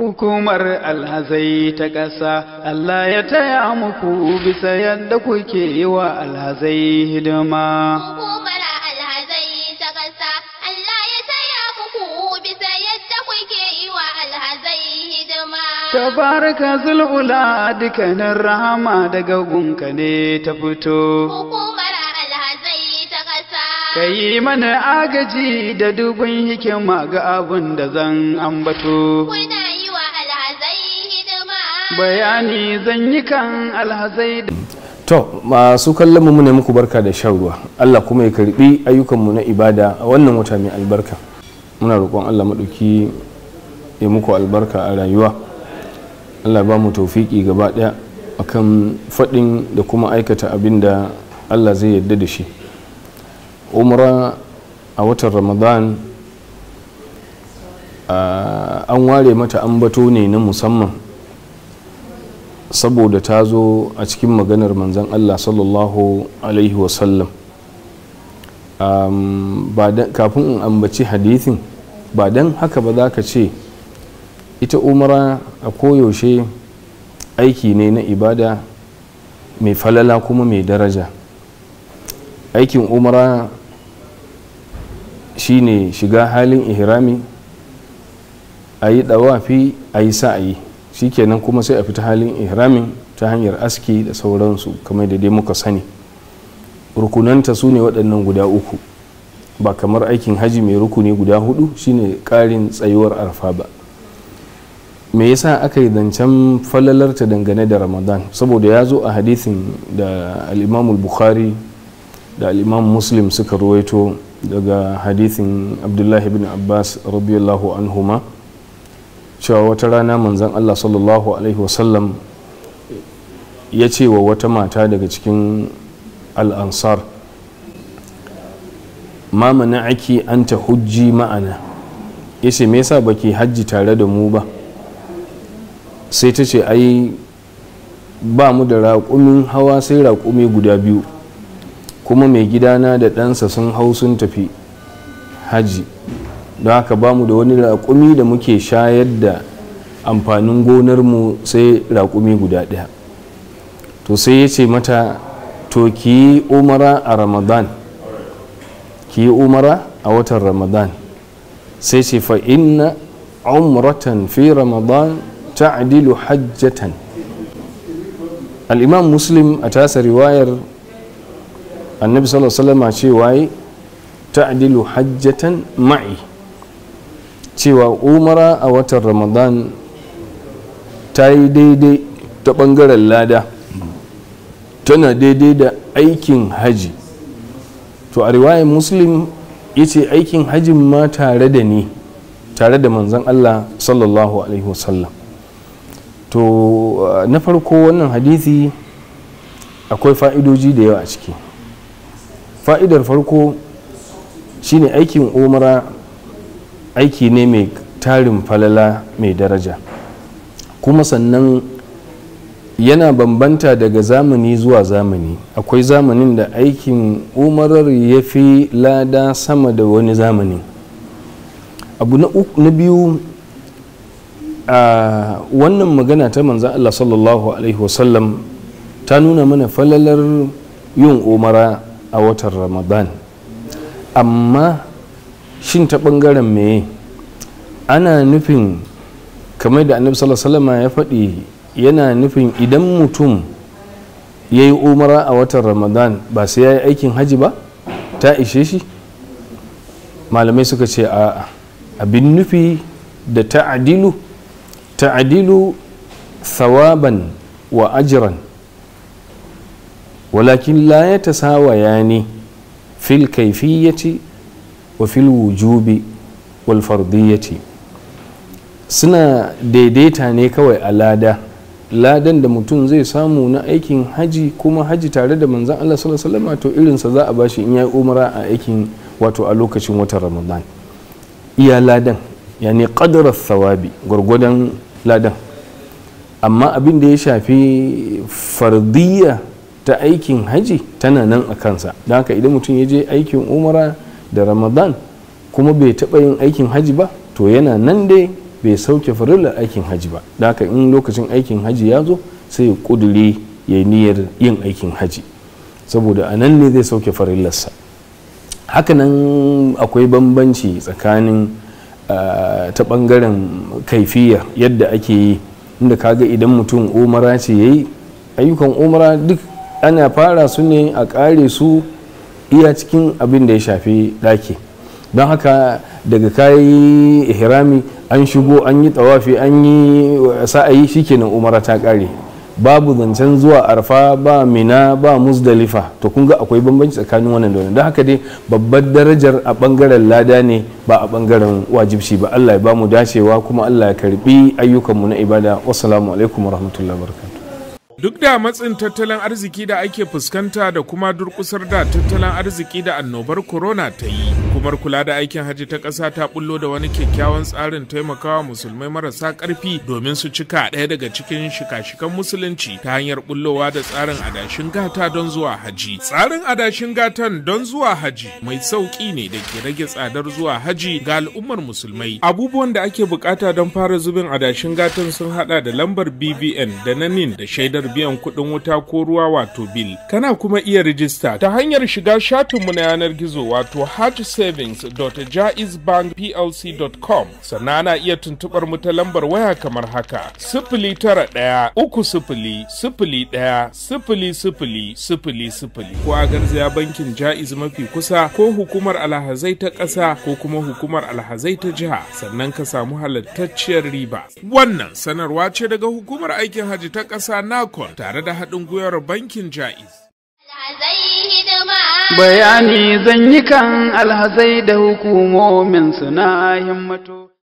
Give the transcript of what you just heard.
Hukumar alhazai ta ƙasa Allah ya taya muku bisa yadda kuke yi wa alhazai hidima. Hukumar alhazai ta ƙasa Allah ya taya muku bisa yadda kuke yi wa alhazai hidima. Tabaraka zul'ula dukkanin rahama daga gunka ne ta fito. Hukumar alhazai ta ƙasa. Ka yi mana agaji da dubin hikima ga abin da zan ambato. Kuna bayani zan yi kan alhazai da to masu kallon mu ne muku barka da shan ruwa Allah kuma ya karbi mu na ibada a wannan wata mai albarka muna roƙon Allah maɗauki ya muku albarka a rayuwa Allah ba mu tawfiki gaba ɗaya akan faɗin da kuma aikata abin da Allah zai yarda da shi umra a watan ramadan an ware mata ambato ne na musamman saboda ta zo a cikin maganar manzan allah sallallahu alaihi wasallam kafin in ambaci hadithin ba don haka ba za ka ce ita umara a koyaushe aiki ne na ibada mai falala kuma mai daraja aikin umara shine shiga halin ihrami a yi dawafi a yi sa'ayi shikenan kuma sai a fita halin ihramin ta hanyar aski da sauransu kamar da dai muka sani rukunanta su ne waɗannan guda uku ba kamar aikin haji mai rukuni guda hudu shine ƙarin tsayuwar arfa ba me yasa aka yi zancen falalarta dangane da ramadan saboda ya zo a hadithin da al'imamul bukhari da al'imam muslim suka ruwaito daga hadithin abdullahi bin abbas anhu anhuma cewa wata rana manzan allah sallallahu alaihi wasallam ya ce wa wata mata daga cikin al'ansar ma mana ake an ta hujji ma'ana ya ce me ba ke hajji tare da mu ba sai ta ce ai ba mu da raƙumin hawa sai raƙumi guda biyu kuma mai gidana da ɗansa sun hau sun tafi hajji don haka ba mu da wani raƙumi da muke shayar da amfanin gonarmu sai raƙumi guda ɗaya to sai ya ce mata to ki yi umara a ramadan ki yi umara a watan ramadan sai ce fa inna umratan fi ramadan ta'dilu hajjatan al'imam muslim a tasa riwayar annabi sallallahu alaihi wasallam cewa ta'dilu hajjatan ma'i cewa umara a watan ramadan ta yi daidai ta bangaren lada tana daidai da aikin haji to a riwayar muslim ya ce aikin hajin ma tare da ni tare da manzan allah sallallahu alaihi wasallam to ah, na farko wannan hadithi akwai fa'idoji da yawa a ciki fa'idar farko shine aikin umara aiki ne mai tarin falala mai daraja kuma sannan yana bambanta daga zamani zuwa zamani akwai zamanin da aikin umarar ya fi lada sama da wani zamani abu na biyu a wannan magana ta Manza, allah sallallahu alaihi wasallam ta nuna mana falalar yin umara a watan ramadan amma shin ta bangaren meye ana nufin kamar da annabi sallallahu ya faɗi yana nufin idan mutum ya yi umara a watan ramadan ba sai ya yi aikin haji ba ta ishe shi malamai suka ce a abin nufi da ta'adilu ta'adilu thawaban wa ajiran walakin la ya tasawaya ne fil kaifiyyati wafil wujubi wal suna daidaita ne kawai a lada ladan da mutum zai samu na aikin haji kuma haji tare da manzan Allah sallallahu alaihi wasallam to irinsa za a bashi in yayi umra a aikin wato a lokacin watan Ramadan iya ladan yani qadara thawabi gwargwadon ladan amma abin da ya shafi fardiyya ta aikin haji tana nan a kansa don haka idan mutum ya je aikin umara da ramadan kuma bai taɓa yin aikin haji ba to yana nan dai bai sauke farillar aikin haji ba da haka in lokacin aikin haji ya zo sai ya ƙudure ya niyyar yin aikin haji saboda a nan ne zai sauke farillarsa hakanan akwai bambanci tsakanin ta ɓangaren kaifiya yadda ake yi inda kaga idan mutum umara ce ya yi ayyukan umara duk ana fara su ne a ƙare su iya cikin abin da ya shafi ɗaki don haka daga kayi ihrami an shigo an yi tawafi an yi sa'ayi shikenan umara ta kare babu zancen zuwa arfa ba mina ba musdalifa to kun ga akwai bambanci tsakanin wannan da don haka dai babbar darajar a bangaren lada ne ba a bangaren wajibci ba allah ya bamu dacewa kuma allah ya karbi ayyukanmu na ibada wasu alaikum warahmatullahi wabarakatuh Duk da matsin tattalin arziki da ake fuskanta da kuma durkusar da tattalin arziki da annobar corona ta yi, kuma kula da aikin hajji ta ƙasa ta bullo da wani kyakkyawan tsarin taimakawa musulmai marasa ƙarfi domin su cika ɗaya daga cikin shika-shikan musulunci ta hanyar bullowa da tsarin adashin gata don zuwa haji. Tsarin adashin gatan don zuwa haji mai sauƙi ne da ke rage tsadar zuwa haji ga al'ummar musulmai. Abubuwan da ake bukata don fara zubin adashin gatan sun hada da lambar BVN da na da shaidar biyan kuɗin wuta ko ruwa wato bil. Kana kuma iya rijista ta hanyar shiga shatinmu na yanar gizo wato com. sannan ana iya tuntuɓar mu ta lambar waya kamar haka sifili tara ɗaya uku sifili sifili ɗaya sifili sifili sifili sifili ko a garzaya bankin ja'iz mafi kusa ko hukumar alhazai ta ƙasa ko kuma hukumar alhazai ta jiha sannan ka samu halattacciyar riba. Wannan sanarwa ce daga hukumar aikin hajji ta ƙasa NACO Dakwa tare da haɗin gwiwar bankin Ja'iz. Bayani zan yi kan alhazai da hukumomin suna himmato.